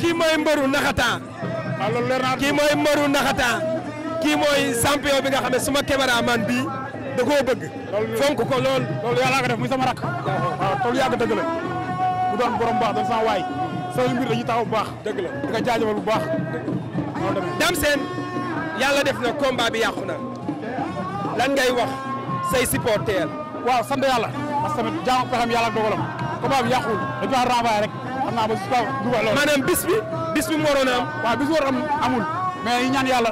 kii mooy mbëru naxataa. waaw ah, loolu naa kii mooy mbëru naxataa. kii mooy champion bi nga xam ne suma caméraman bi da koo bëgg. fonk ko lool. loolu yàlla nga def muy sama rakk. waaw ah, toolu yàgg dëgg la. bu doon borom baax doon sama waay. sama mbir dañuy taxaw bu baax. dëgg la di ko jaajëfal bu baax. dam seen yàlla def na combat bi yàqu na lan ngay wax say supporter. waaw sant yàlla. tamit a pexem yàlla dogalam combat bi yàquwul dañu faa renvoyé rek a naa ba su ko dugal loolu. maanaam bis bi bis bi mu waroon a am. waaw bis waroon am amul mais ñu ñaan yàlla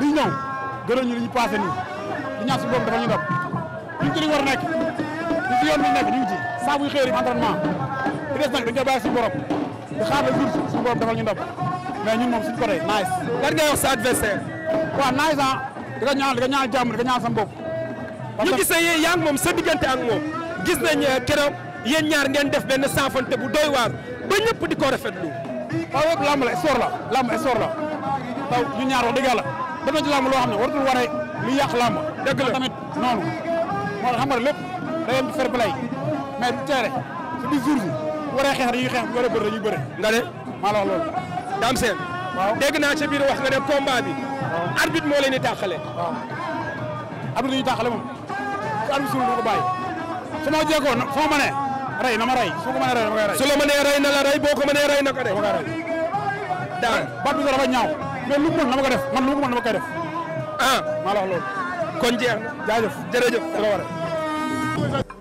li ñu ñëw gënal ñu li ñu nii li ñaan suñu bopp dafa ñu dab ñu ci a yoon bi nekk ñu ngi ci saa buy xëy di des nag dañu koy bàyyi suñu borom di xaar le jour suñu dafa ñu dab mais ñun moom suñu côté nice. lan ngay wax sa adversaire. a nice ah di ko ñaan di ko di ko ñaan sa bopp. gis nañ euh, keroog yéen ñaar ngeen def benn saafante bu doy waar ba ñëpp di ko rafetlu. waaw yëpp làmb la sport la làmb sport la taw ñu ñaar wax dëgg yàlla def na ci làmb loo xam ne waratul waree lu yàq làmb. dëgg la tamit noonu moo xam nga lépp day am di fair play mais du tere su di jour bi waree xeex dañuy xeex bu waree bëri dañuy bëri. nga ne maa loolu. Dame Sène. waaw dégg naa ci biir wax nga ne combat bi. waaw moo leen di tàqale. waaw arbitre yi ñu tàqale moom su arbitre suul du ko su ma jékkoon fu ma mënee rey na ma rey su ko mënee rey na ma koy la mënee rey na la rey na ko de. ma koy rey ñaaw mais lu mu na ma ko def man lu na ma koy def. Ah. maa la loolu. kon jeex na jaajëf jërëjëf da la a